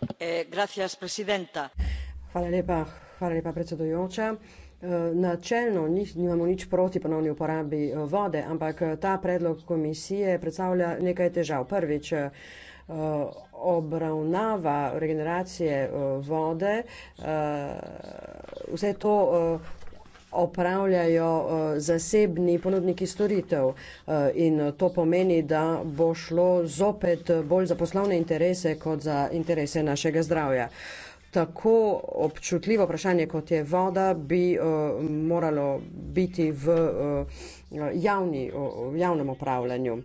gospa predsednica. hvala lepa predsedujoča. načelno nimamo nič proti ponovni uporabi eh, vode ampak eh, ta predlog komisije predstavlja nekaj težav. prvič eh, obravnava regeneracije vode vse to opravljajo eh, zasebni ponudniki storitev eh, in to pomeni, da bo šlo zopet bolj za poslovne interese kot za interese našega zdravja. Tako občutljivo vprašanje, kot je voda, bi eh, moralo biti v javni, javnem upravljanju.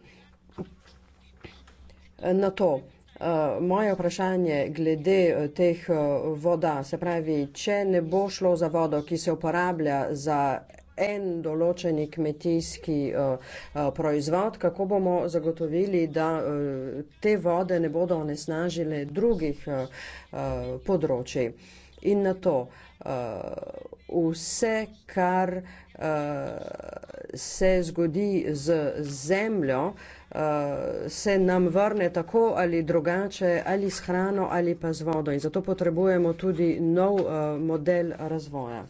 Na to. Eh, moje vprašanje glede eh, teh eh, voda, se pravi, če ne bo šlo za vodo, ki se uporablja za en določeni kmetijski proizvod, kako bomo zagotovili, da te vode ne bodo onesnažile drugih področji. In na to, vse, kar se zgodi z zemljo, uh, se nam vrne tako ali drugače, ali s hrano ali pa z vodo. In zato potrebujemo tudi nov uh, model razvoja.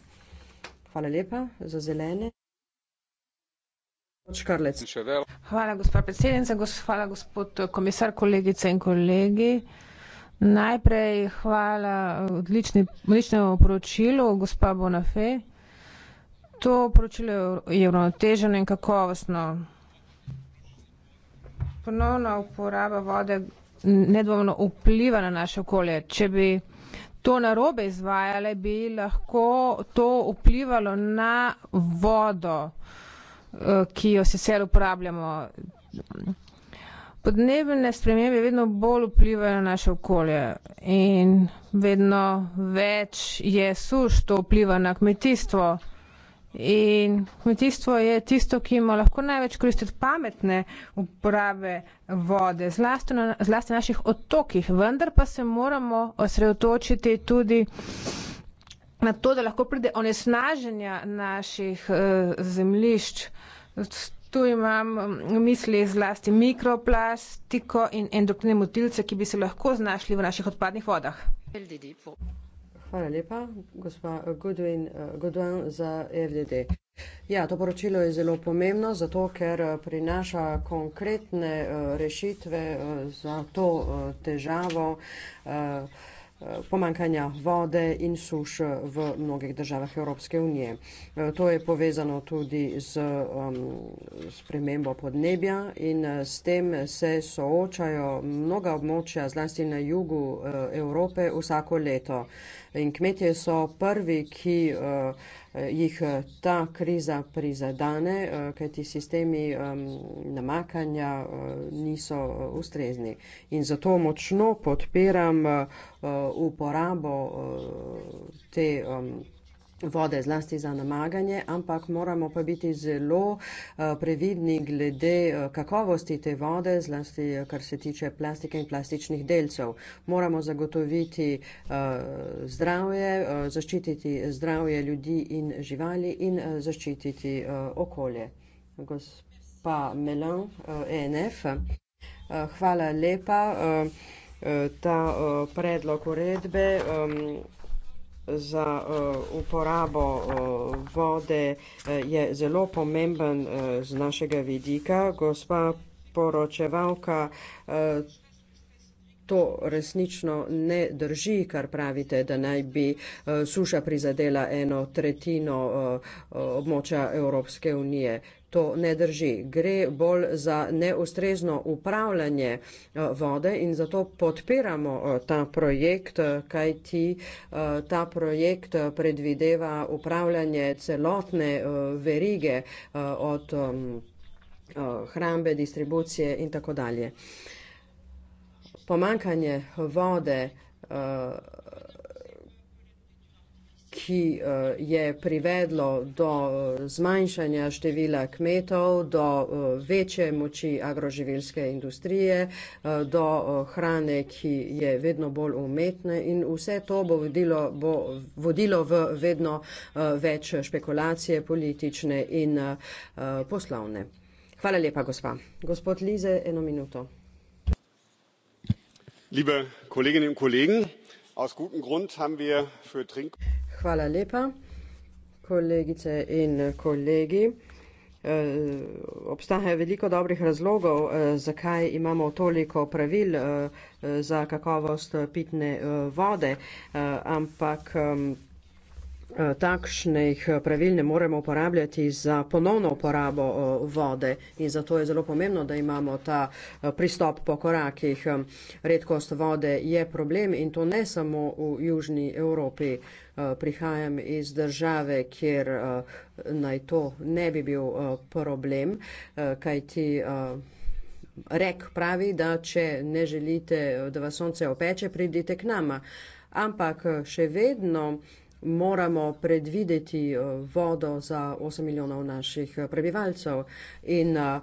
Hvala lepa za zelene. Hvala, gospod predsednica, hvala, gospod komisar, kolegice in kolegi. Najprej hvala odličnemu poročilu, gospa Bonafe. To poročilo je uravnoteženo in kakovostno ponovna uporaba vode nedvomno vpliva na naše okolje. Če bi to narobe izvajale, bi lahko to vplivalo na vodo, eh, ki jo sicer uporabljamo. Podnebne spremembe vedno bolj vplivajo na naše okolje in vedno več je suš, to vpliva na kmetijstvo. In kmetijstvo je tisto, ki ima lahko največ koristi od pametne uprave vode, zlasti na, zlasti na naših otokih. Vendar pa se moramo osredotočiti tudi na to, da lahko pride onesnaženja naših eh, zemlišč. Tu imam v mm, misli zlasti mikroplastiko in endokrine motilce, ki bi se lahko znašli v naših odpadnih vodah. LDD. Hvala lepa, gospa Godwin, Godwin za RDD. Ja, to poročilo je zelo pomembno, zato ker eh, prinaša konkretne eh, rešitve eh, za to težavo pomankanja vode in suš v mnogih državah Evropske unije. E, to je povezano tudi z um, spremembo podnebja in e, s tem se soočajo mnoga območja, zlasti na jugu uh, Evrope, vsako leto. In kmetje so prvi, ki uh, Eh, jih eh, ta kriza prizadane, eh, kajti sistemi namakanja niso ustrezni. In zato močno podpiram uporabo te vode, zlasti za namaganje, ampak moramo pa biti zelo eh, previdni glede eh, kakovosti te vode, zlasti eh, kar se tiče plastike in plastičnih delcev. Moramo zagotoviti zdravje, zaščititi zdravje ljudi in živali in zaščititi okolje. Gospa Melon, ENF, e hvala lepa. Ta predlog uredbe za uh, uporabo uh, vode uh, je zelo pomemben uh, z našega vidika. Gospa poročevalka, uh, to resnično ne drži, kar pravite, da naj bi eh, suša prizadela eno tretjino eh, območja Evropske unije. To ne drži. Gre bolj za neustrezno upravljanje eh, vode in zato podpiramo ta projekt, kaj ti ta projekt predvideva upravljanje celotne verige od mm, hrambe, distribucije in tako dalje pomankanje vode, eh, ki, eh, je privedlo do, eh, zmanjšanja števila kmetov, do, večje moči agroživilske industrije, do, hrane, ki je vedno bolj umetna in vse to bo vodilo, bo vodilo v vedno, več špekulacije politične in, poslovne. Hvala lepa, gospa. Gospod Lize, eno minuto liebe kolleginnen und kollegen aus gutem grund haben wir für eh, Obstaja veliko dobrih razlogov, eh, zakaj imamo toliko pravil eh, za kakovost pitne vode, ampak Eh, takšnih eh, pravil ne moremo uporabljati za ponovno uporabo eh, vode in zato je zelo pomembno, da imamo ta pristop po korakih. Redkost vode je problem in to ne samo v Južni Evropi. Prihajam iz države, kjer naj to ne bi bil problem, kajti. Rek pravi, da če ne želite, da vas sonce opeče, pridite k nama. Ampak še vedno uh, moramo predvideti eh, vodo za 8 milijonov naših eh, prebivalcev. In eh,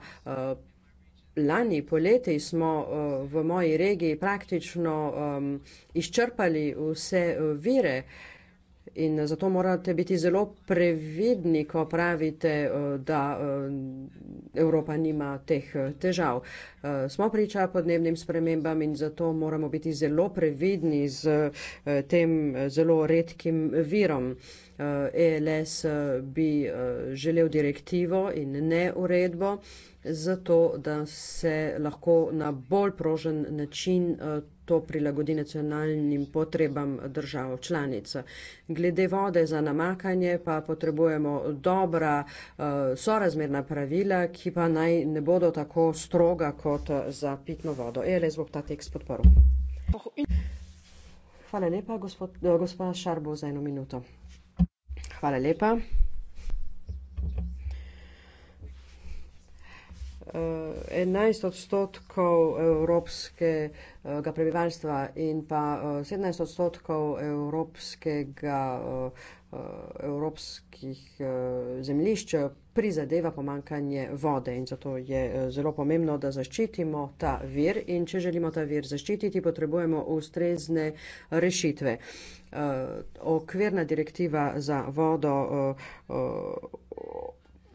lani poleti smo v moji regiji praktično ehm, izčrpali vse vire, In zato morate biti zelo previdni, ko pravite, eh, da eh, Evropa nima teh eh, težav. Smo priča podnebnim spremembam in zato moramo biti zelo previdni z tem zelo redkim virom. ELS e bi želel direktivo in ne uredbo, zato da se lahko na bolj prožen način to prilagodi nacionalnim potrebam držav članic. Glede vode za namakanje pa potrebujemo dobra eh, sorazmerna pravila, ki pa naj ne bodo tako stroga kot eh, za pitno vodo. Je le zbog ta tekst podporu. Hvala lepa, gospod, eh, gospa Šarbo, za eno minuto. Hvala lepa. 11 odstotkov evropskega prebivalstva in pa 17 eh, odstotkov evropskega, eh, evropskih eh, zemljišč prizadeva pomankanje vode in zato je zelo pomembno, da zaščitimo ta vir in če želimo ta vir zaščititi, potrebujemo ustrezne rešitve. Okvirna direktiva za vodo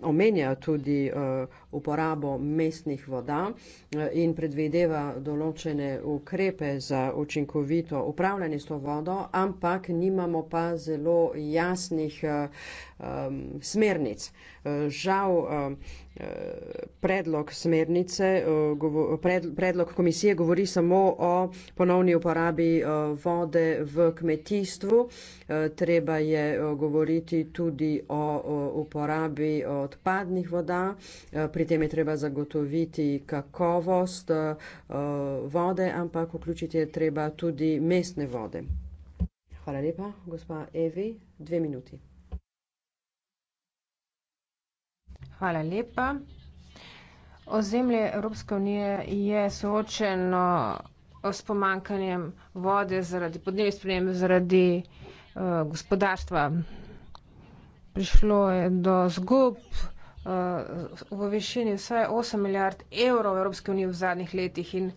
omenja tudi uporabo mestnih voda eh, in predvideva določene ukrepe za učinkovito upravljanje s to vodo, ampak nimamo pa zelo jasnih um, smernic. Eh, žal um, predlog smernice, predlog komisije govori samo o ponovni uporabi vode v kmetijstvu. Treba je govoriti tudi o uporabi odpadnih voda pri tem je treba zagotoviti kakovost eh, vode, ampak vključiti je treba tudi mestne vode. Hvala lepa, gospa Evi, dve minuti. Hvala lepa. Ozemlje Evropske unije je soočeno s pomankanjem vode zaradi podnebnih sprememb, zaradi uh, gospodarstva. Prišlo je do zgub. Eh, v višini vsaj 8 milijard evrov v Evropski uniji v zadnjih letih in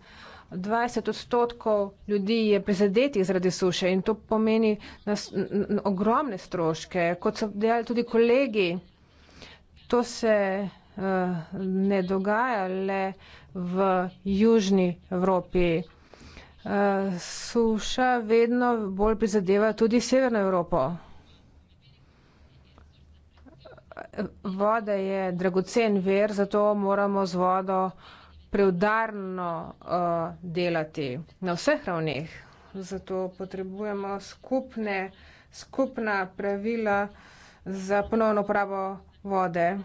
20 odstotkov ljudi je prizadetih zaradi suše in to pomeni nas, n, n, ogromne stroške. Kot so dejali tudi kolegi, to se uh, ne dogaja le v Južni Evropi. Uh, suša vedno bolj prizadeva tudi Severno Evropo voda je dragocen ver, zato moramo z vodo preudarno uh, delati na vseh ravneh. Zato potrebujemo skupne, skupna pravila za ponovno pravo vode.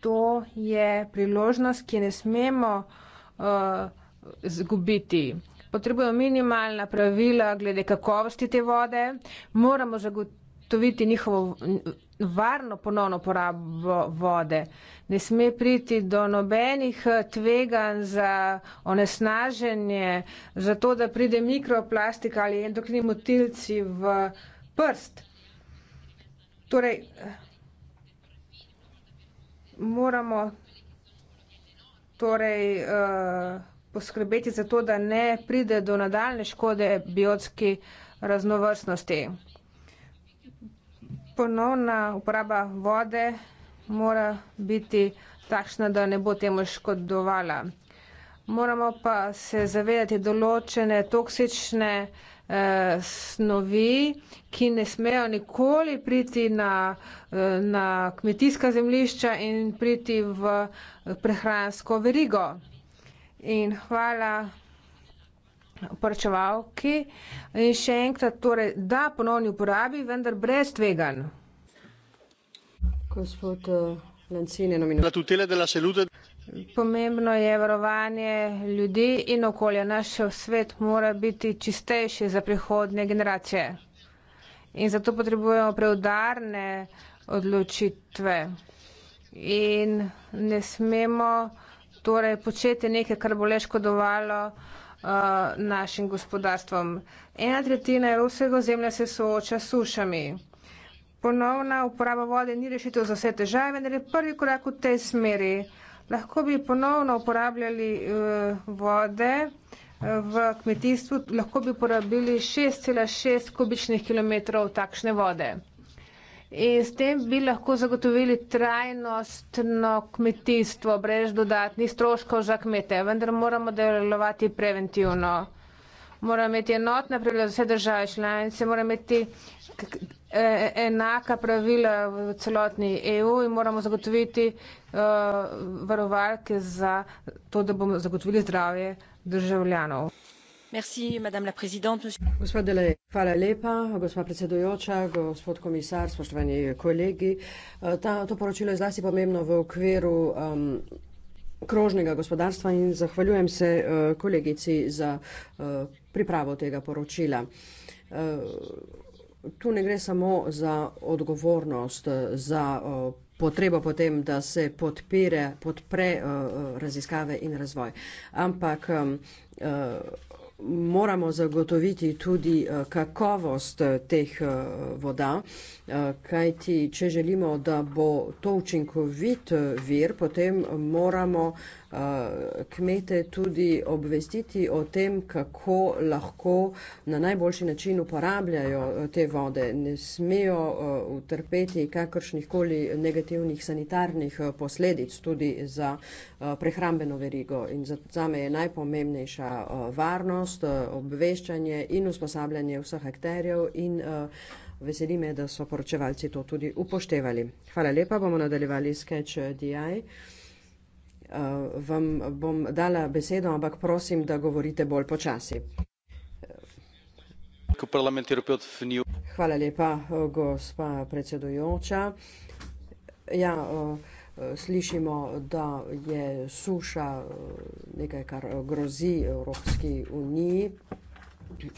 To je priložnost, ki ne smemo uh, zgubiti. Potrebujemo minimalna pravila glede kakovosti te vode, moramo zagotoviti njihovo varno ponovno porabo vode. Ne sme priti do nobenih eh, tveganj za onesnaženje, zato da pride mikroplastika ali endokrini motilci v prst. Torej, eh, moramo torej, uh, poskrbeti za to, da ne pride do nadaljne škode biotski raznovrstnosti ponovna uporaba vode mora biti takšna, da ne bo temu škodovala. Moramo pa se zavedati določene toksične eh, snovi, ki ne smejo nikoli priti na, eh, na kmetijska zemlišča in priti v prehransko verigo. In hvala poračevalki in še enkrat torej, da ponovni uporabi, vendar brez tvegan. Gospod eh, Lancini, nominator. Pomembno je varovanje ljudi in okolja. Naš svet mora biti čistejši za prihodnje generacije. In zato potrebujemo preudarne odločitve. In ne smemo torej početi nekaj, kar bo le škodovalo. Uh, našim gospodarstvom. Ena tretjina evropskega ozemlja se sooča s sušami. Ponovna uporaba vode ni rešitev za vse težave, vendar je prvi korak v tej smeri. Lahko bi ponovno uporabljali uh, vode uh, v kmetijstvu, lahko bi uporabili 6,6 kubičnih kilometrov takšne vode. In s tem bi lahko zagotovili trajnostno kmetijstvo brez dodatnih stroškov za kmete, vendar moramo delovati preventivno. Moramo imeti enotna pravila za vse države članice, moramo imeti eh, enaka pravila v celotni EU in moramo zagotoviti uh, varovalke za to, da bomo zagotovili zdravje državljanov madame la présidente gospa hvala lepa gospa predsedujoča gospod komisar spoštovani kolegi eh, to poročilo je zlasti pomembno v okviru krožnega gospodarstva in zahvaljujem se eh, kolegici za eh, pripravo tega poročila tu ne gre samo za odgovornost za potrebo potem da se podpire podpre raziskave in razvoj ampak moramo zagotoviti tudi eh, kakovost eh, teh eh, voda, kajti če želimo, da bo to učinkovit vir, potem moramo Eh, kmete tudi obvestiti o tem, kako lahko na najboljši način uporabljajo eh, te vode. Ne smejo eh, utrpeti kakršnih koli negativnih sanitarnih posledic tudi za prehrambeno verigo. In za me je najpomembnejša varnost, obveščanje in usposabljanje vseh akterjev in veseli me, da so poročevalci to tudi upoštevali. Hvala lepa, bomo nadaljevali sketch DI uh, vam bom dala besedo, ampak prosim, da govorite bolj počasi. Hvala lepa, eh, gospa predsedujoča. Ja, eh, slišimo, da je suša nekaj, kar grozi Evropski uniji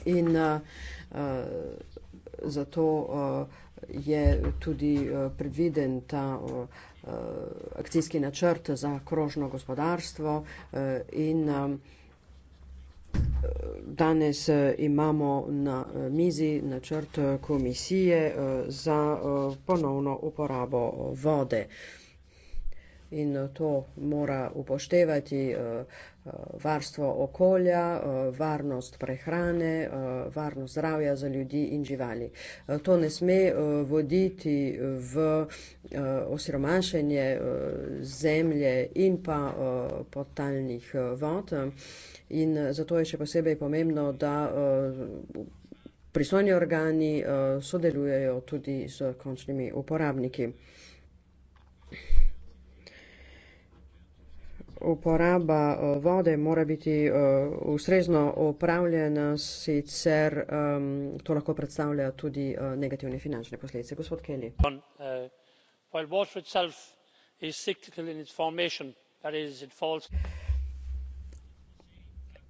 in zato je tudi predviden ta Eh, akcijski načrt za krožno gospodarstvo eh, in eh, danes imamo na mizi načrt komisije za ponovno uporabo vode in eh, to mora upoštevati eh, eh, varstvo okolja, varnost prehrane, varnost zdravja za ljudi in živali. To ne sme voditi v osromašenje zemlje in pa podtalnih vod. In zato je še posebej pomembno, da pristojni organi sodelujejo tudi s končnimi uporabniki. uporaba eh, vode mora biti eh, ustrezno upravljena, sicer um, to lahko predstavlja tudi eh, negativne finančne posledice. Gospod Kelly.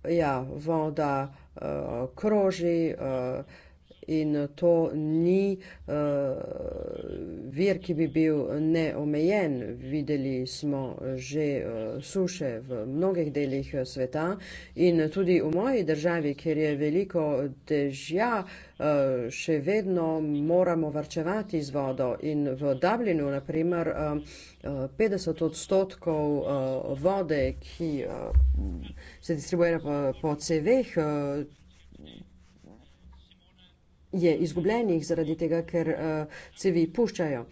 Ja, voda uh, kroži. Uh, in eh, to ni uh, vir, ki bi bil neomejen. Videli smo eh, že uh, suše v mnogih delih sveta in tudi v moji državi, kjer je veliko dežja, uh, še vedno moramo varčevati z vodo in v Dublinu, naprimer, uh, 50 odstotkov uh, vode, ki uh, se distribuira po, po CV-jih, uh, je izgubljenih zaradi tega, ker uh, cevi puščajo.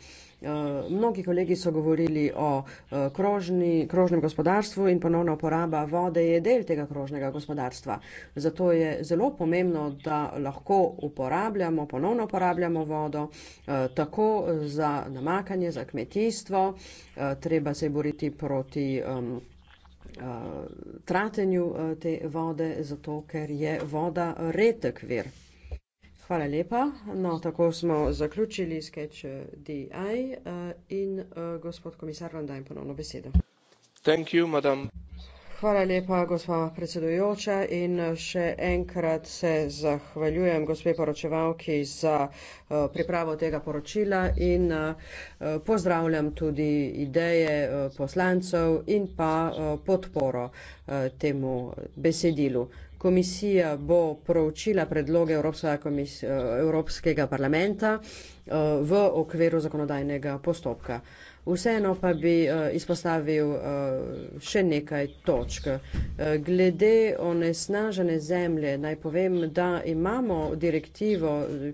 Uh, mnogi kolegi so govorili o uh, krožni, krožnem gospodarstvu in ponovna uporaba vode je del tega krožnega gospodarstva. Zato je zelo pomembno, da lahko uporabljamo, ponovno uporabljamo vodo, uh, tako za namakanje, za kmetijstvo, uh, treba se boriti proti. Um, Tratenju te vode, zato ker je voda redek vir hvala lepa. No, tako smo zaključili sketch eh, DI eh, in eh, gospod komisar, vam dajem ponovno besedo. Thank you, madam. Hvala lepa, gospa predsedujoča, in še enkrat se zahvaljujem gospe poročevalki za pripravo tega poročila in pozdravljam tudi ideje poslancev in pa podporo temu besedilu. Komisija bo proučila predloge Evropskega, eh, Evropskega parlamenta eh, v okviru zakonodajnega postopka. Vseeno pa bi eh, izpostavil še nekaj točk. Glede onesnažene zemlje naj povem, da imamo direktivo,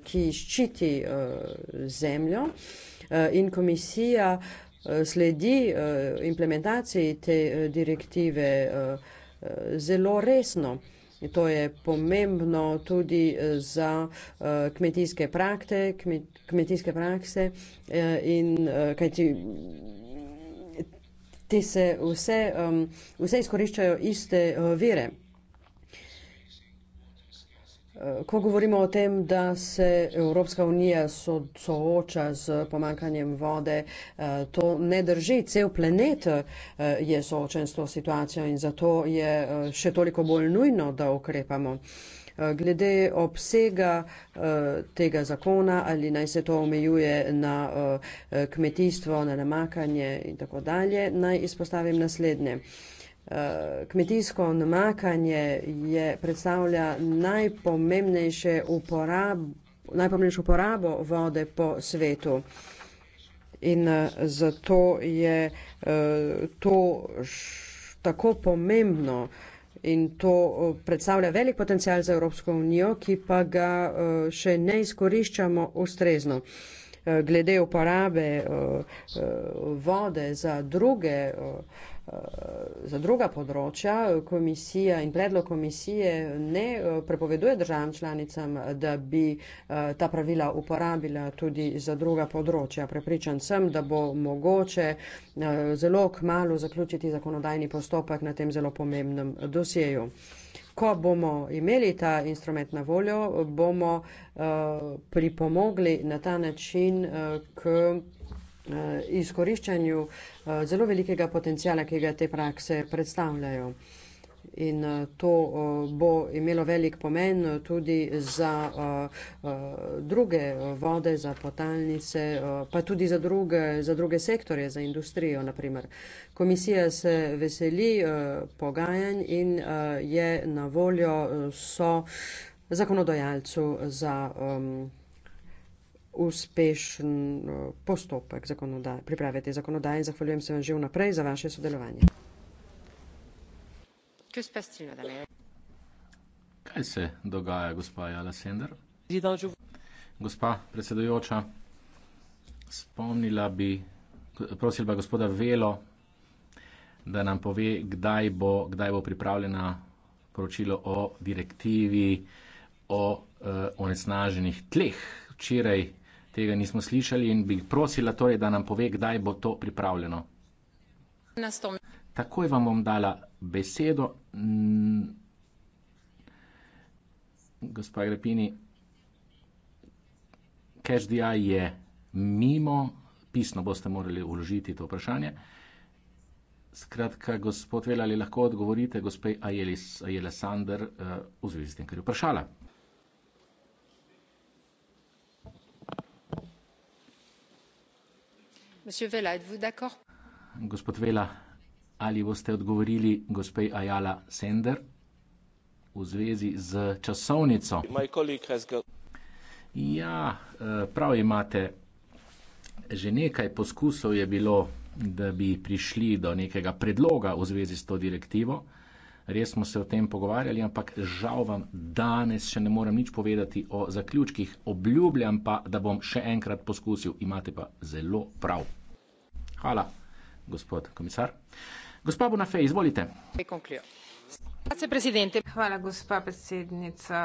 ki ščiti zemljo in komisija sledi implementaciji te direktive zelo resno. To je pomembno tudi eh, za eh, kmetijske prakte, kmetijske prakse eh, in kajti ti se vse, ehm, vse izkoriščajo iste vire. Eh, ko govorimo o tem, da se Evropska unija so, sooča z pomankanjem vode, eh, to ne drži. Cel planet eh, je soočen s to situacijo in zato je še toliko bolj nujno, da ukrepamo. Glede obsega tega zakona, ali naj se to omejuje na kmetijstvo, na namakanje in tako dalje, naj izpostavim naslednje kmetijsko namakanje je, predstavlja najpomembnejše uporabo, najpomembnejšo uporabo vode po svetu. In eh, zato je eh, to tako pomembno in to eh, predstavlja velik potencial za Evropsko unijo, ki pa ga še ne izkoriščamo ustrezno. Glede uporabe vode za druge za druga področja komisija in predlog komisije ne eh, prepoveduje državam članicam, da bi eh, ta pravila uporabila tudi za druga področja. Prepričan sem, da bo mogoče eh, zelo k malu zaključiti zakonodajni postopek na tem zelo pomembnem dosjeju. Ko bomo imeli ta instrument na voljo, bomo uh, pripomogli na ta način uh, k Eh, izkoriščanju eh, zelo velikega potencijala, ki ga te prakse predstavljajo. In eh, to bo imelo velik pomen tudi za druge vode, za potalnice, pa tudi za druge, za druge sektorje, za industrijo naprimer. Komisija se veseli pogajanj in je na voljo so zakonodajalcu za uspešen eh, postopek zakonodaj, priprave te zakonodaje in zahvaljujem se vam že vnaprej za vaše sodelovanje. Kaj se dogaja, gospa Jala Sender? Gospa predsedujoča, spomnila bi, prosila bi gospoda Velo, da nam pove, kdaj bo, kdaj bo pripravljena poročilo o direktivi o eh, onesnaženih tleh. Včeraj tega nismo slišali in bi prosila torej, da nam pove, kdaj bo to pripravljeno. Takoj vam bom dala besedo. Mm, gospa Grepini, cash DI je mimo, pisno boste morali uložiti to vprašanje. Skratka, gospod Vela, ali lahko odgovorite gospe Ajelis Ajele Sander eh, v zvezi s tem, kar je vprašala? Monsieur Vela, êtes-vous d'accord? Gospod Vela, ali boste odgovorili gospe Ayala Sender v zvezi z časovnico? Ja, eh, prav imate. Že nekaj poskusov je bilo, da bi prišli do nekega predloga v zvezi s to direktivo. Res smo se o tem pogovarjali, ampak žal vam danes še ne morem nič povedati o zaključkih. Obljubljam pa, da bom še enkrat poskusil. Imate pa zelo prav. Hvala, gospod komisar. Gospa Bonafé, izvolite. Hvala, gospa predsednica.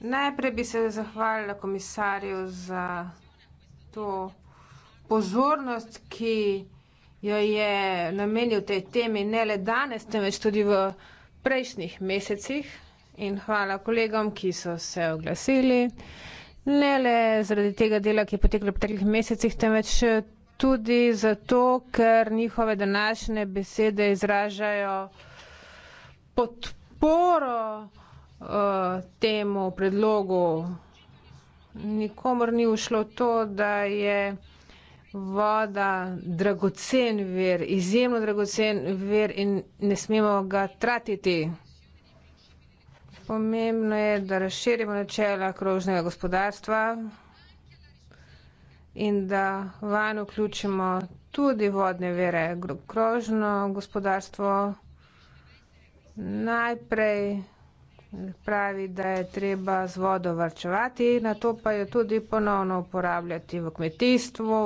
Najprej bi se zahvalila komisarju za to pozornost, ki jo je namenil tej temi ne le danes, temveč tudi v prejšnjih mesecih. In hvala kolegom, ki so se oglasili, ne le zaradi tega dela, ki je poteklo v preteklih mesecih, temveč tudi zato, ker njihove današnje besede izražajo podporo uh, temu predlogu. Nikomor ni ušlo to, da je voda dragocen ver, izjemno dragocen ver in ne smemo ga tratiti. Pomembno je, da razširimo načela krožnega gospodarstva in da vanj vključimo tudi vodne vere, krožno gospodarstvo. Najprej pravi, da je treba z vodo varčevati, na to pa jo tudi ponovno uporabljati v kmetijstvu,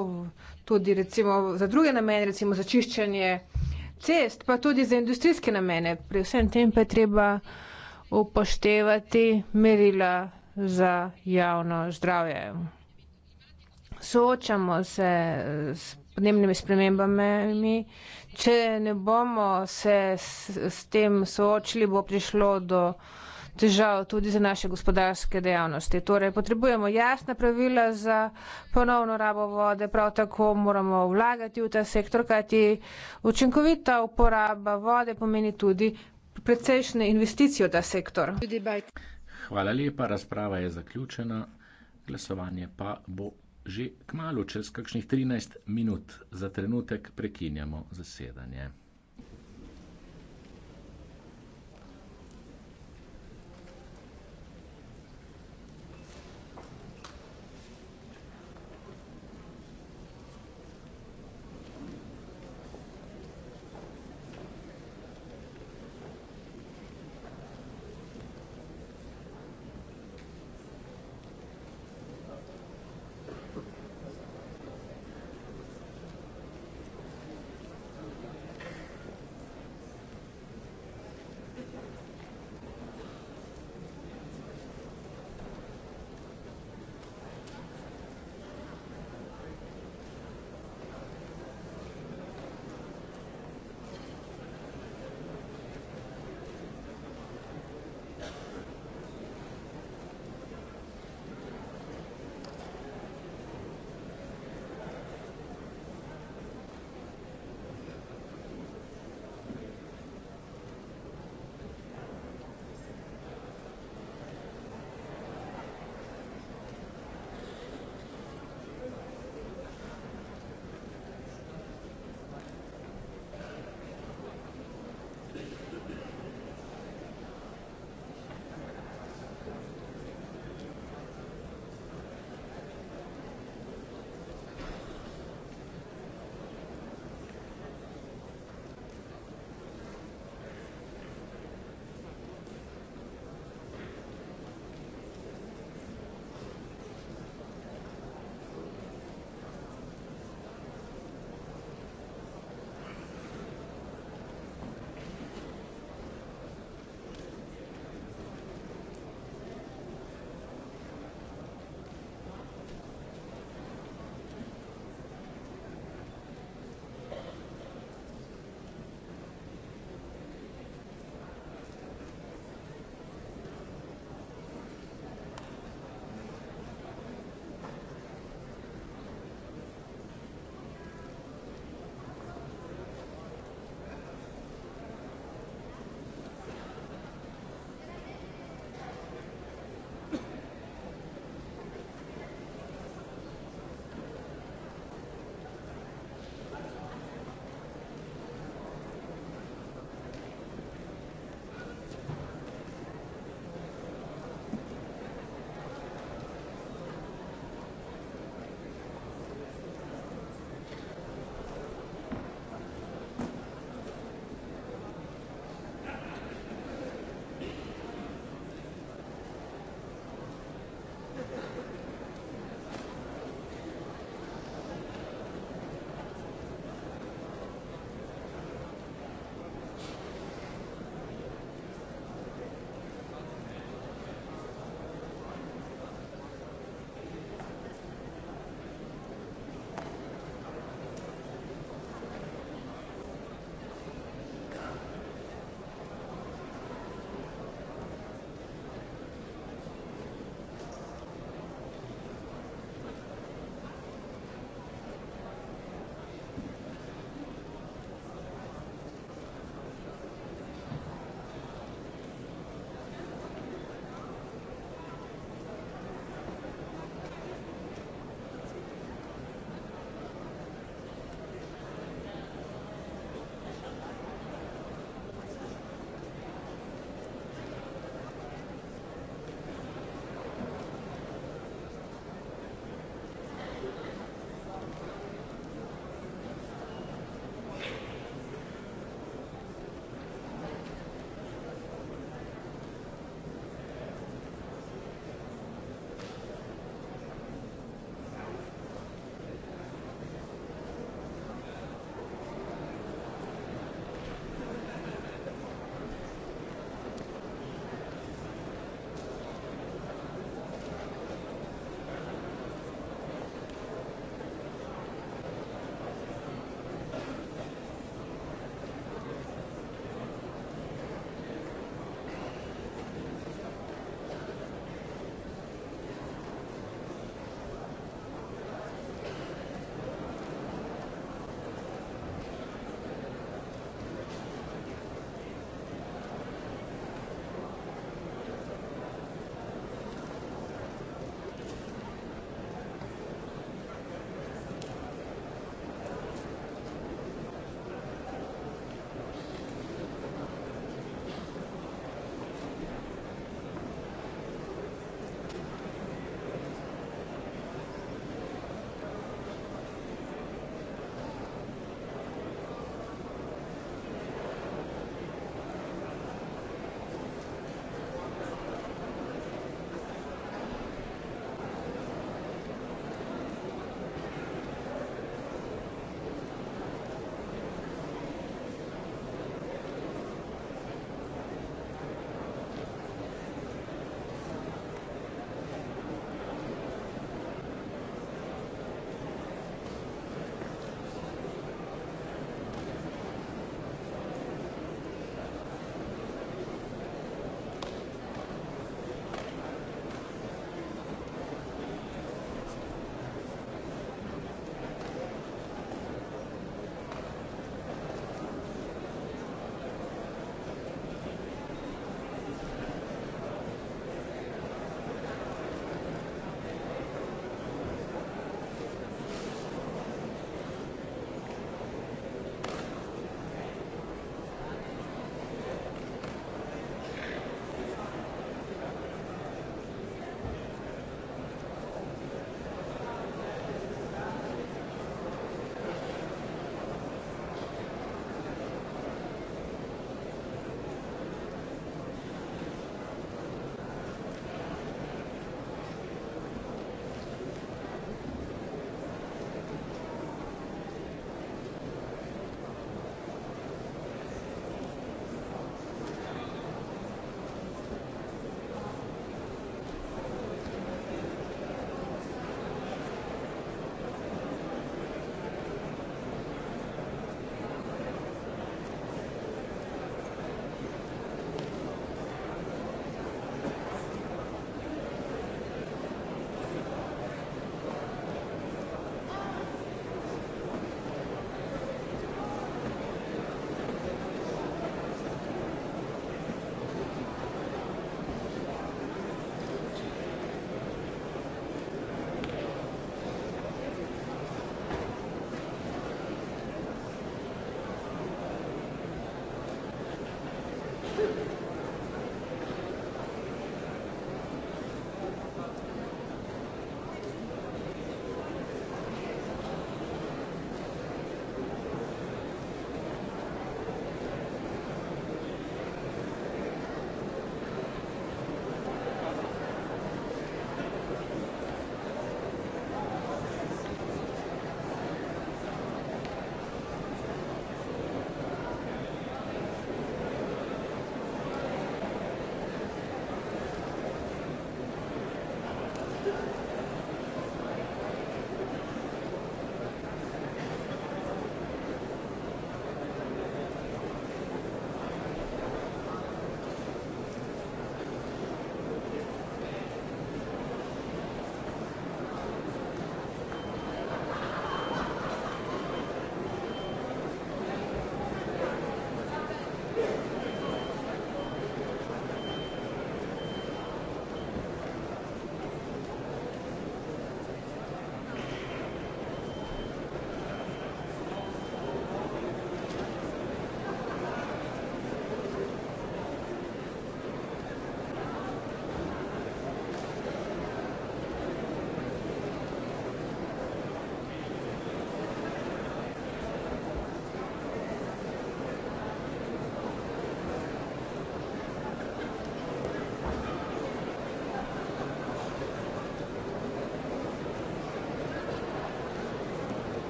tudi recimo za druge namene, recimo za čiščenje cest, pa tudi za industrijske namene. Pri vsem tem pa je treba upoštevati merila za javno zdravje soočamo se eh, s podnebnimi spremembami. Če ne bomo se s, s tem soočili, bo prišlo do težav tudi za naše gospodarske dejavnosti. Torej, potrebujemo jasna pravila za ponovno rabo vode, prav tako moramo vlagati v ta sektor, kajti učinkovita uporaba vode pomeni tudi precejšnje investicije v ta sektor. Hvala lepa, razprava je zaključena, glasovanje pa bo že kmalo, čez kakšnih 13 minut, za trenutek prekinjamo zasedanje.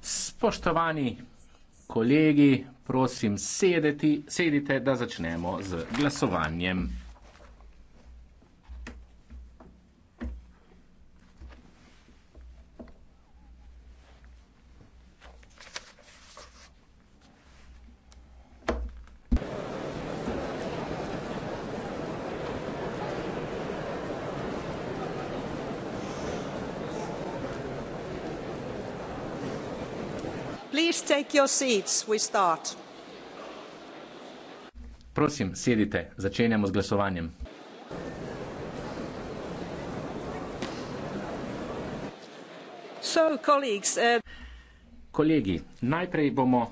Spoštovani kolegi, prosim sedeti, sedite, da začnemo z glasovanjem. take your seats. We start. Prosim, sedite. Začenjamo z glasovanjem. So, colleagues, uh... Kolegi, najprej bomo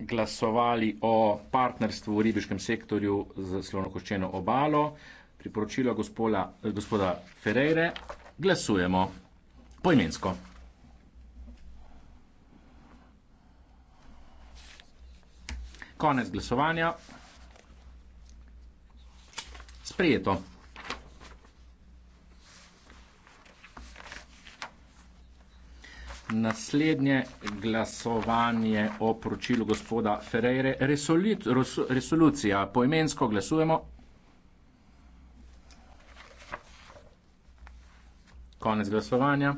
glasovali o partnerstvu v ribiškem sektorju z slonokoščeno obalo. Priporočilo gospoda, gospoda Ferreire glasujemo poimensko. imensko. Konec glasovanja. Sprejeto. Naslednje glasovanje o poročilu gospoda Ferreire. Resolit, resu, resolucija. Poimensko glasujemo. Konec glasovanja.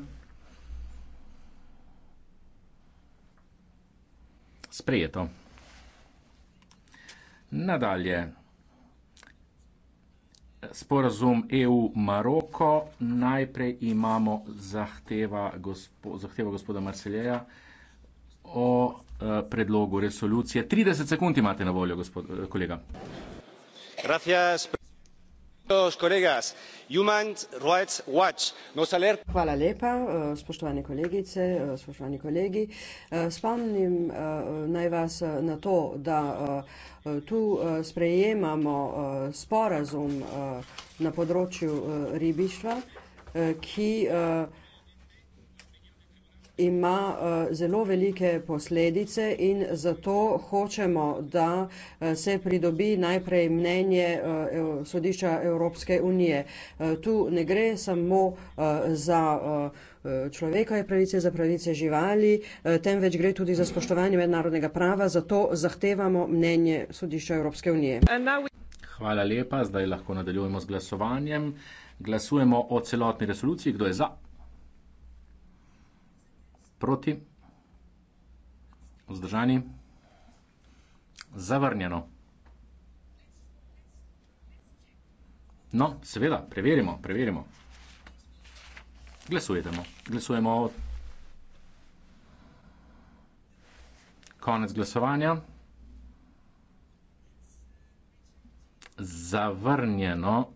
Sprejeto. Nadalje, sporazum EU-Maroko, najprej imamo zahteva, gospo, zahteva gospoda Marseljeja o eh, predlogu resolucije. 30 sekund imate na voljo, gospod, eh, kolega. Gracias hvala lepa eh, spoštovane kolegice eh, spoštovani kolegi eh, spomnim naj vas na to da tu sprejemamo sporazum na področju ribištva ki ima eh, zelo velike posledice in zato hočemo, da eh, se pridobi najprej mnenje eh, sodišča Evropske unije. Tu ne gre samo za človekove pravice, za pravice živali, temveč gre tudi za spoštovanje mednarodnega prava, zato zahtevamo mnenje sodišča Evropske unije. Hvala lepa, zdaj lahko nadaljujemo z glasovanjem. Glasujemo o celotni resoluciji. Kdo je za? proti, vzdržani, zavrnjeno. No, seveda, preverimo, preverimo. Glasujemo, glasujemo. Konec glasovanja. Zavrnjeno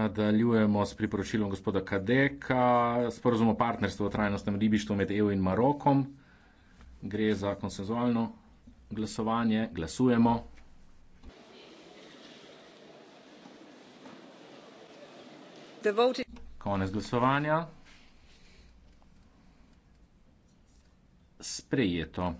nadaljujemo s priporočilom gospoda Kadeka, sporozum o partnerstvu o trajnostnem ribištvu med EU in Marokom. Gre za konsenzualno glasovanje, glasujemo. Konec glasovanja. Sprejeto.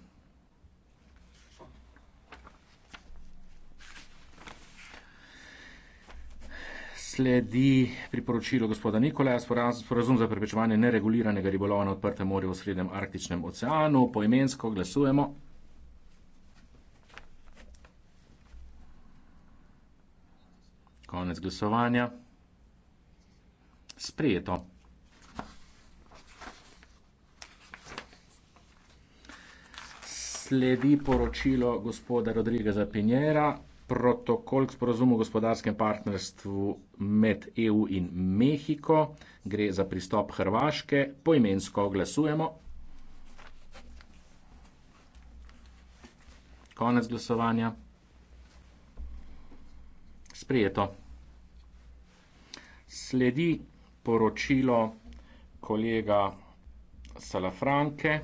sledi priporočilo gospoda Nikolaja, sporazum za preprečevanje nereguliranega ribolova na odprtem morju v srednjem arktičnem oceanu. Poimensko glasujemo. Konec glasovanja. Sprejeto. Sledi poročilo gospoda Rodrigeza Pinjera protokol k sporozumu o gospodarskem partnerstvu med EU in Mehiko. Gre za pristop Hrvaške. Poimensko glasujemo. Konec glasovanja. Sprijeto. Sledi poročilo kolega Salafranke.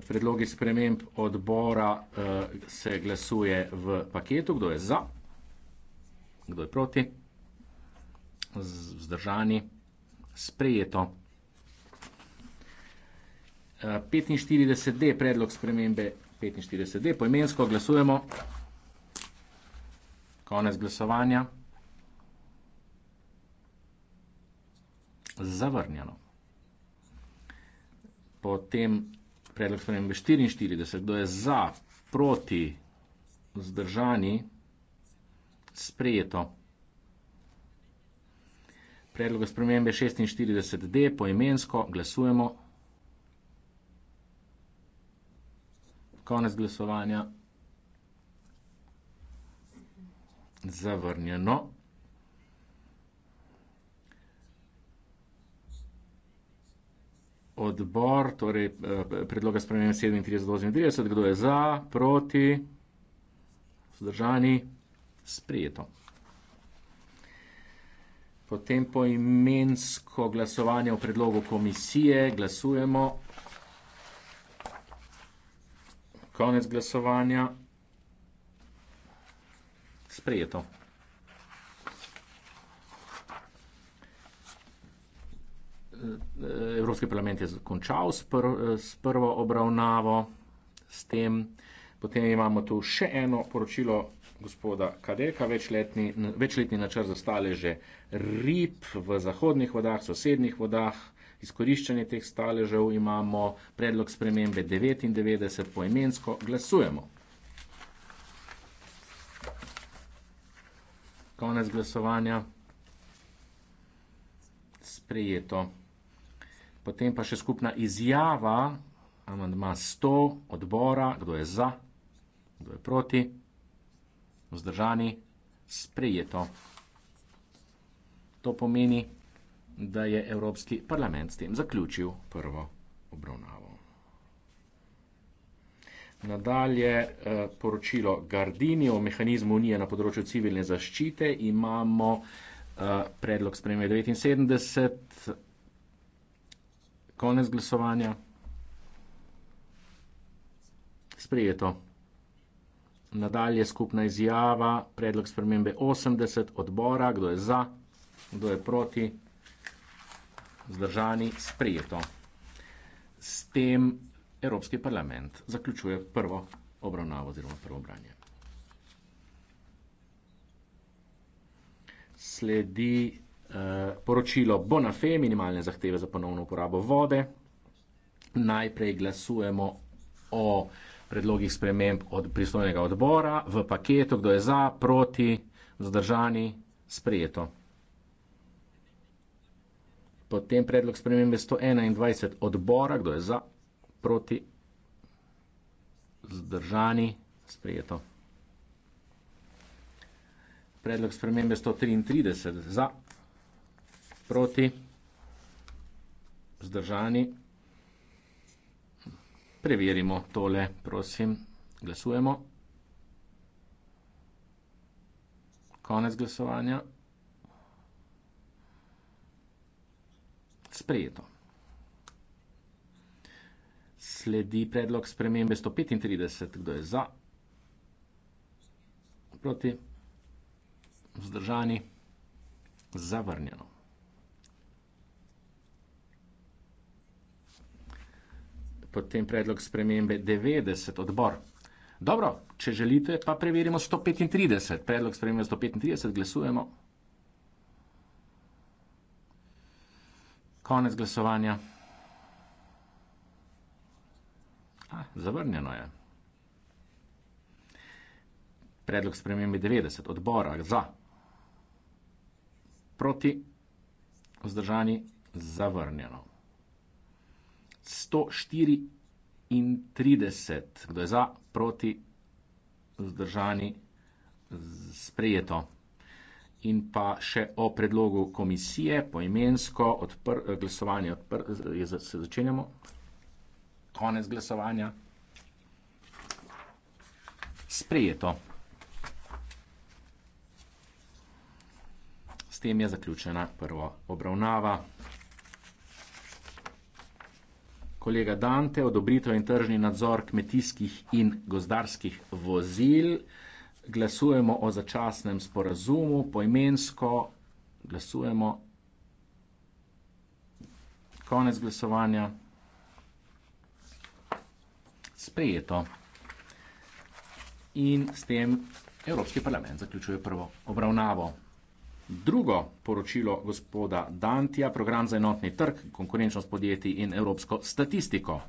predlogi sprememb odbora eh, se glasuje v paketu. Kdo je za? Kdo je proti? Zdržani? Sprejeto. 45D, eh, predlog spremembe 45D, poimensko glasujemo. Konec glasovanja. Zavrnjeno. Potem Predlog spremembe 44, kdo je za, proti, vzdržani, sprejeto. Predlog spremembe 46d poimensko glasujemo. Konec glasovanja. Zavrnjeno. odbor, torej eh, predloga spremenja 37-38, kdo je za, proti, vzdržani, sprijeto. Potem po imensko glasovanje o predlogu komisije glasujemo. Konec glasovanja. Sprijeto. Evropski parlament je končal s, pr, s prvo obravnavo, s tem. Potem imamo tu še eno poročilo gospoda Kadeka, večletni, večletni načrt za staleže rib v zahodnih vodah, sosednih vodah, izkoriščanje teh staležev imamo, predlog spremembe 99, poimensko glasujemo. Konec glasovanja. Sprejeto. Potem pa še skupna izjava, amandma 100 odbora, kdo je za, kdo je proti, vzdržani, sprejeto. To pomeni, da je Evropski parlament s tem zaključil prvo obravnavo. Nadalje eh, poročilo Gardini o mehanizmu Unije na področju civilne zaščite. Imamo eh, predlog spremembe 79. Konec glasovanja. Sprijeto. Nadalje skupna izjava, predlog spremembe 80 odbora, kdo je za, kdo je proti, zdržani, sprijeto. S tem Evropski parlament zaključuje prvo obravnavo oziroma prvo branje. Sledi Eh, poročilo Bonafé, e minimalne zahteve za ponovno uporabo vode. Najprej glasujemo o predlogih sprememb od pristojnega odbora v paketu, kdo je za, proti, zadržani, sprejeto. Potem predlog spremembe 121 odbora, kdo je za, proti, zadržani, sprejeto. Predlog spremembe 133 za, proti, vzdržani. Preverimo tole, prosim, glasujemo. Konec glasovanja. Sprejeto. Sledi predlog spremembe 135. Kdo je za? Proti? Vzdržani? Zavrnjeno. potem predlog spremembe 90, odbor. Dobro, če želite, pa preverimo 135. Predlog spremembe 135, glasujemo. Konec glasovanja. A, zavrnjeno je. Predlog spremembe 90, odbora za, proti, vzdržani, zavrnjeno. 134, kdo je za, proti, vzdržani, sprejeto. In pa še o predlogu komisije, poimensko, odpr, glasovanje odpr, je, se začenjamo. Konec glasovanja. Sprejeto. S tem je zaključena prva obravnava kolega Dante, odobritev in tržni nadzor kmetijskih in gozdarskih vozil. Glasujemo o začasnem sporazumu, poimensko glasujemo. Konec glasovanja. Sprejeto. In s tem Evropski parlament zaključuje prvo obravnavo drugo poročilo gospoda Dantija, program za enotni trg, konkurenčnost podjetij in evropsko statistiko.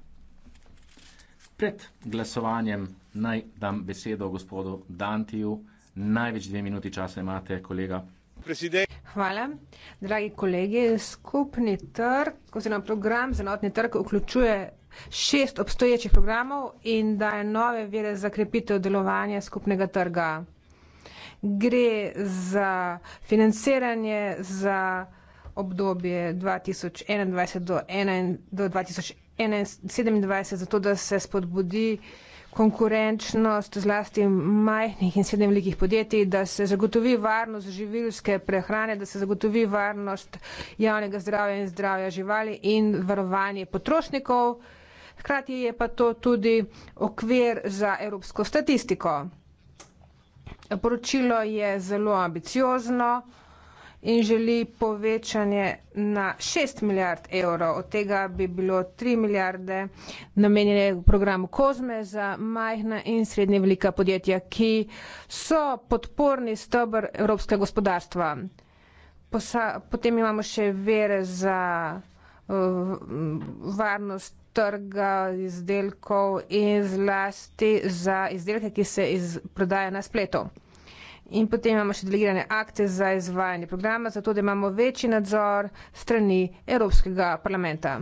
Pred glasovanjem naj dam besedo gospodu Dantiju. Največ dve minuti časa imate, kolega. Presidej. Hvala. Dragi kolegi, skupni trg, oziroma program za enotni trg, vključuje šest obstoječih programov in daje nove vire za krepitev delovanja skupnega trga gre za financiranje za obdobje 2021 do, ena, do 2027, zato da se spodbudi konkurenčnost zlasti majhnih in srednjih velikih podjetij, da se zagotovi varnost živilske prehrane, da se zagotovi varnost javnega zdravja in zdravja živali in varovanje potrošnikov. Hkrati je pa to tudi okvir za evropsko statistiko poročilo je zelo ambiciozno in želi povečanje na 6 milijard evrov. Od tega bi bilo 3 milijarde namenjene programu Kozme za majhna in srednje velika podjetja, ki so podporni stobr evropskega gospodarstva. Potem imamo še vere za varnost trga izdelkov in zlasti za izdelke, ki se iz, prodaja na spletu in potem imamo še delegirane akte za izvajanje programa, zato da imamo večji nadzor strani Evropskega parlamenta.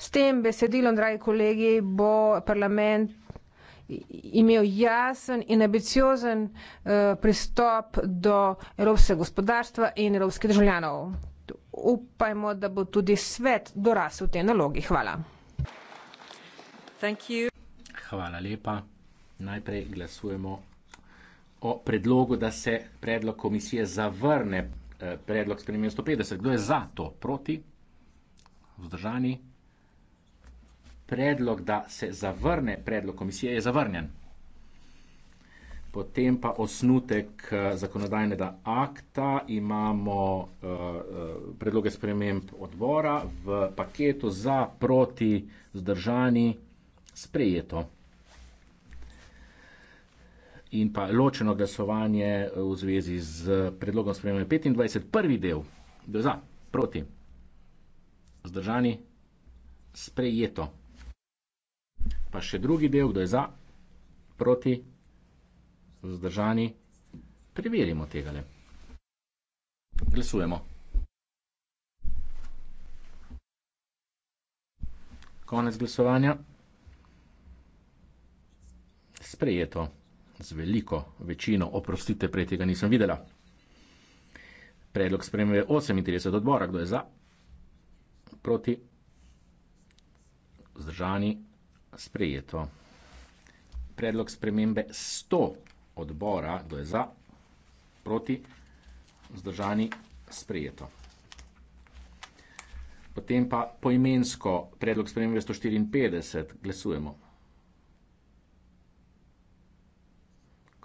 S tem besedilom, dragi kolegi, bo parlament imel jasen in ambiciozen uh, pristop do evropskega gospodarstva in evropskih državljanov. Upajmo, da bo tudi svet dorasel v tej nalogi. Hvala. Hvala lepa. Najprej glasujemo o predlogu, da se predlog komisije zavrne, eh, predlog spremenja 150. Kdo je za to? Proti? Vzdržani? Predlog, da se zavrne predlog komisije, je zavrnjen. Potem pa osnutek eh, zakonodajnega akta, imamo uh, predloge sprememb odbora v paketu za proti zdržani sprejeto in pa ločeno glasovanje v zvezi z predlogom spremenja 25. Prvi del, del za, proti, zdržani, sprejeto. Pa še drugi del, kdo je za, proti, zdržani, preverimo tega. Glasujemo. Konec glasovanja. Sprejeto z veliko večino, oprostite, prej tega nisem videla. Predlog spremljuje 38 odbora, kdo je za, proti, vzdržani, sprejeto. Predlog spremembe 100 odbora, kdo je za, proti, vzdržani, sprejeto. Potem pa poimensko predlog spremembe 154, glasujemo.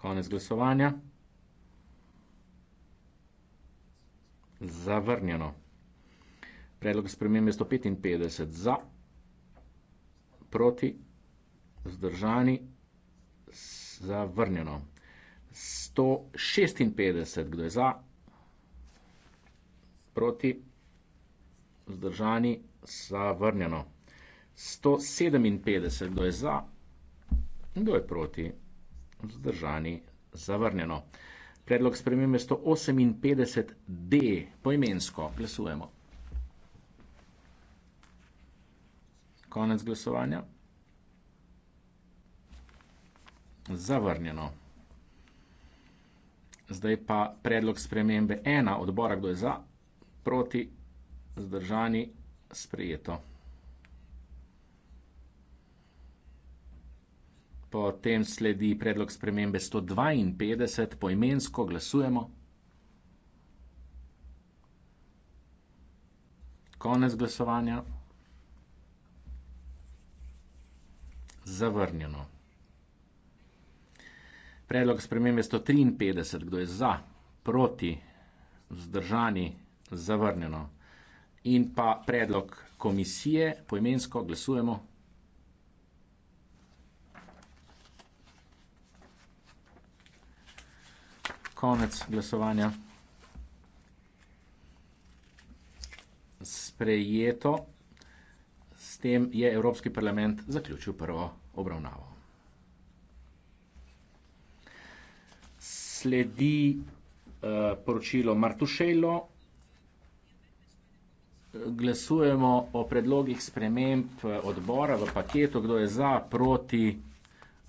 Konec glasovanja. Zavrnjeno. Predlog spremembe 155 za, proti, zdržani, zavrnjeno. 156, kdo je za, proti, zdržani, zavrnjeno. 157, kdo je za, kdo je proti zdržani, zavrnjeno. Predlog spremembe 158d poimensko glasujemo. Konec glasovanja. Zavrnjeno. Zdaj pa predlog spremembe 1 odbora, kdo je za, proti, zdržani, sprejeto. Potem sledi predlog spremembe 152, poimensko glasujemo. Konec glasovanja. Zavrnjeno. Predlog spremembe 153, kdo je za, proti, zdržani, zavrnjeno. In pa predlog komisije, poimensko glasujemo. konec glasovanja. Sprejeto. S tem je Evropski parlament zaključil prvo obravnavo. Sledi uh, poročilo Martušejlo. Glasujemo o predlogih sprememb eh, odbora v paketu, kdo je za, proti,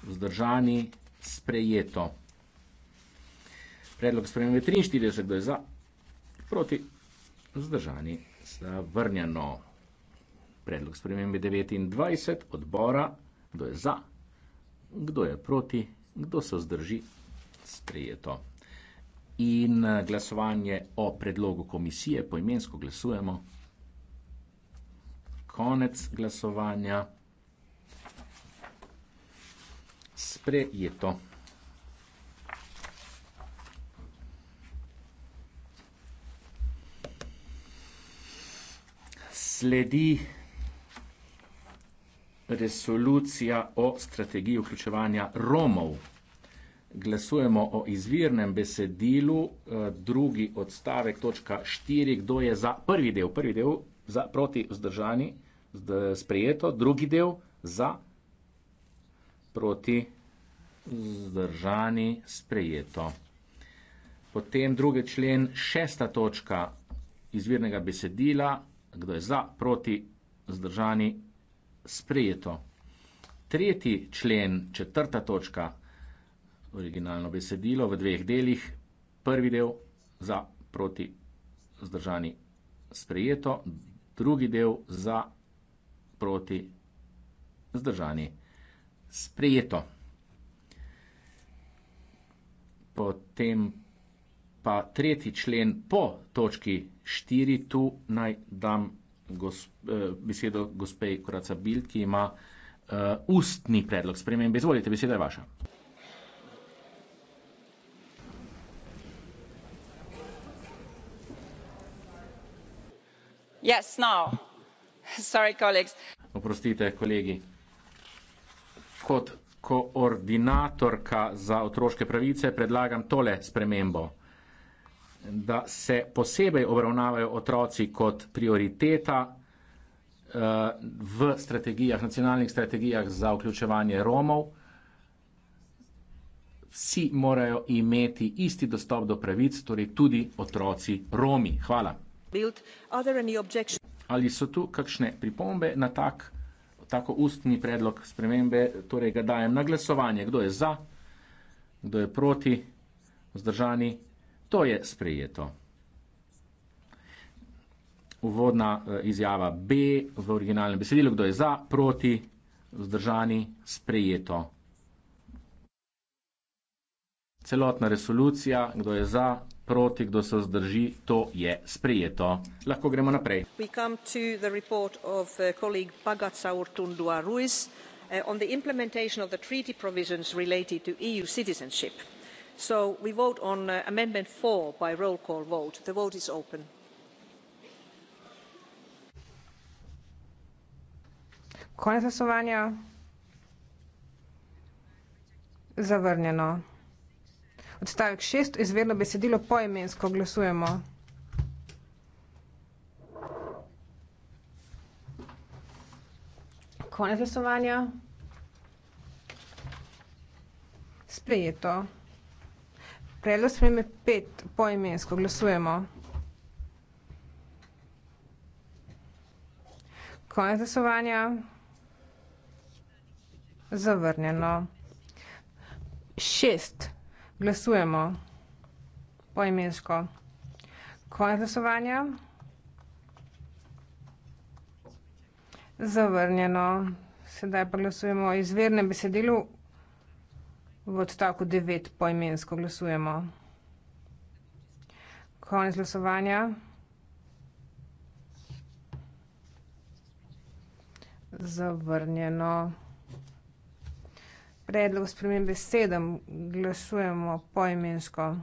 vzdržani, sprejeto. Predlog spremembe 43, kdo je za, proti, zdržani, zavrnjeno. Predlog spremembe 29, odbora, kdo je za, kdo je proti, kdo se vzdrži, sprejeto. In eh, glasovanje o predlogu komisije, poimensko glasujemo. Konec glasovanja. Sprejeto. sledi resolucija o strategiji vključevanja Romov. Glasujemo o izvirnem besedilu, eh, drugi odstavek, točka štiri, kdo je za prvi del, prvi del za proti vzdržani, sprejeto, drugi del za proti vzdržani, sprejeto. Potem drugi člen, šesta točka izvirnega besedila, kdo je za, proti, zdržani, sprejeto. Tretji člen, četrta točka, originalno besedilo v dveh delih, prvi del za, proti, zdržani, sprejeto, drugi del za, proti, zdržani, sprejeto. Potem pa tretji člen po točki 4. Tu naj dam eh, gospe, besedo gospej Koraca Bild, ki ima uh, ustni predlog spremembe. Izvolite, beseda je vaša. Yes, Sorry, Oprostite, kolegi. Kot koordinatorka za otroške pravice predlagam tole spremembo da se posebej obravnavajo otroci kot prioriteta eh, v strategijah, nacionalnih strategijah za vključevanje Romov. Vsi morajo imeti isti dostop do pravic, torej tudi otroci Romi. Hvala. Ali so tu kakšne pripombe na tak, tako ustni predlog spremembe, torej ga dajem na glasovanje. Kdo je za, kdo je proti, vzdržani, To je sprejeto. Uvodna e, izjava B v originalnem besedilu, kdo je za, proti, vzdržani, sprejeto. Celotna resolucija, kdo je za, proti, kdo se vzdrži, to je sprejeto. Lahko gremo naprej. E, e, on the implementation of the treaty provisions related to EU citizenship so we vote on uh, amendment four by roll call vote. the vote is open. konec hlasovanja zavrnjeno odstavek šest izvedlo besedilo poimensko glasujemo konec glasovanja sprejeto predlog spremembe pet poimensko glasujemo. Konec glasovanja. Zavrnjeno. Šest glasujemo poimensko. Konec glasovanja. Zavrnjeno. Sedaj pa glasujemo o izvirnem besedilu v odstavku 9 poimensko glasujemo. Konec glasovanja. Zavrnjeno. Predlog spremembe 7 glasujemo poimensko.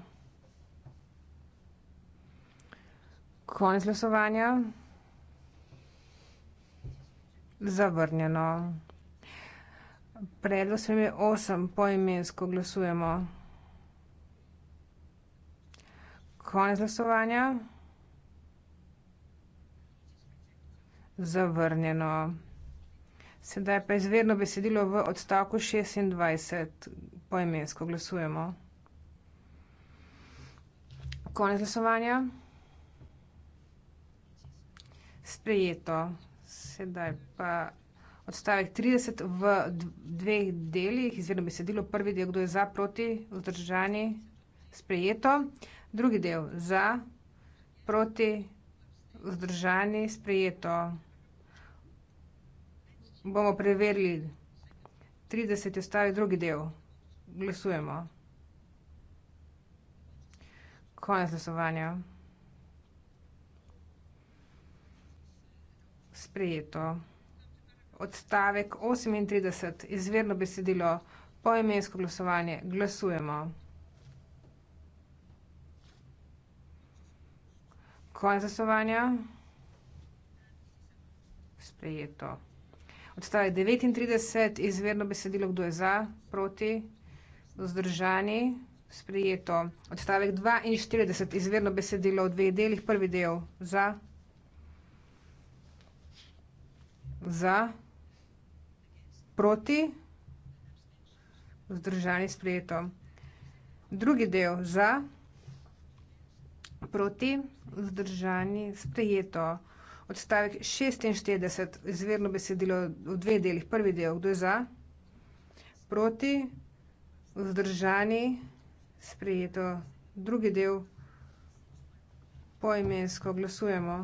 Konec glasovanja. Zavrnjeno predlog sem je osem, poimensko glasujemo. Konec glasovanja. Zavrnjeno. Sedaj pa izvedno besedilo v odstavku 26, poimensko glasujemo. Konec glasovanja. Sprejeto. Sedaj pa odstavek 30 v dveh delih, izvedno besedilo, prvi del, kdo je za, proti, vzdržani, sprejeto, drugi del, za, proti, vzdržani, sprejeto. Bomo preverili 30 odstavek, drugi del, glasujemo. Konec glasovanja. Sprejeto odstavek 38, izvirno besedilo, poimensko glasovanje, glasujemo. Konec glasovanja. Sprejeto. Odstavek 39, izvirno besedilo, kdo je za, proti, vzdržani. Sprejeto. Odstavek 42, izvirno besedilo v dveh delih, prvi del za. Za. Proti? Vzdržani sprejeto. Drugi del. Za? Proti? Vzdržani sprejeto. Odstavek 46. Izverno besedilo v dveh delih. Prvi del. Kdo je za? Proti? Vzdržani sprejeto. Drugi del. Poimensko glasujemo.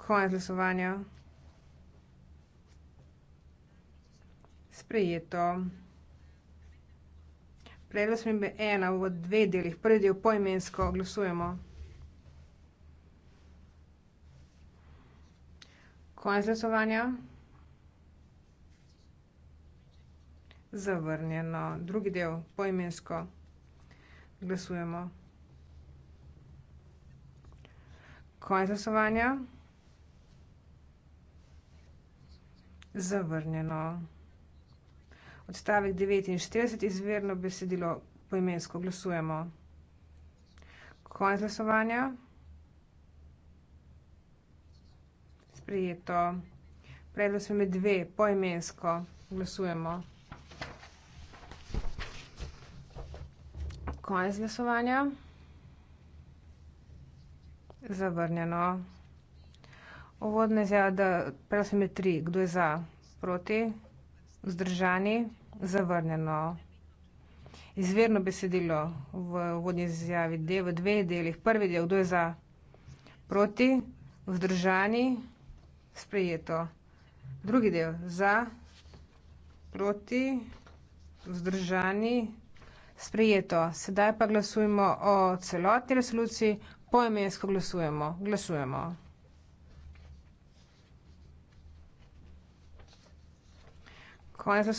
Konec glasovanja. sprejeto. Predlog smembe ena v dveh delih. Prvi del poimensko glasujemo. Konec glasovanja. Zavrnjeno. Drugi del poimensko glasujemo. Konec glasovanja. Zavrnjeno odstavek 49 izverno besedilo poimensko glasujemo. Konec glasovanja. Sprejeto. Predlog sveme dve poimensko glasujemo. Konec glasovanja. Zavrnjeno. Ovodne izjava, da predlog sveme tri. Kdo je za? Proti? Vzdržani? Vzdržani? zavrnjeno. Izvirno besedilo v vodni izjavi D v dveh delih. Prvi del, kdo je za proti, vzdržani, sprejeto. Drugi del, za proti, vzdržani, sprejeto. Sedaj pa glasujemo o celotni resoluciji, poimensko glasujemo. Glasujemo. Konec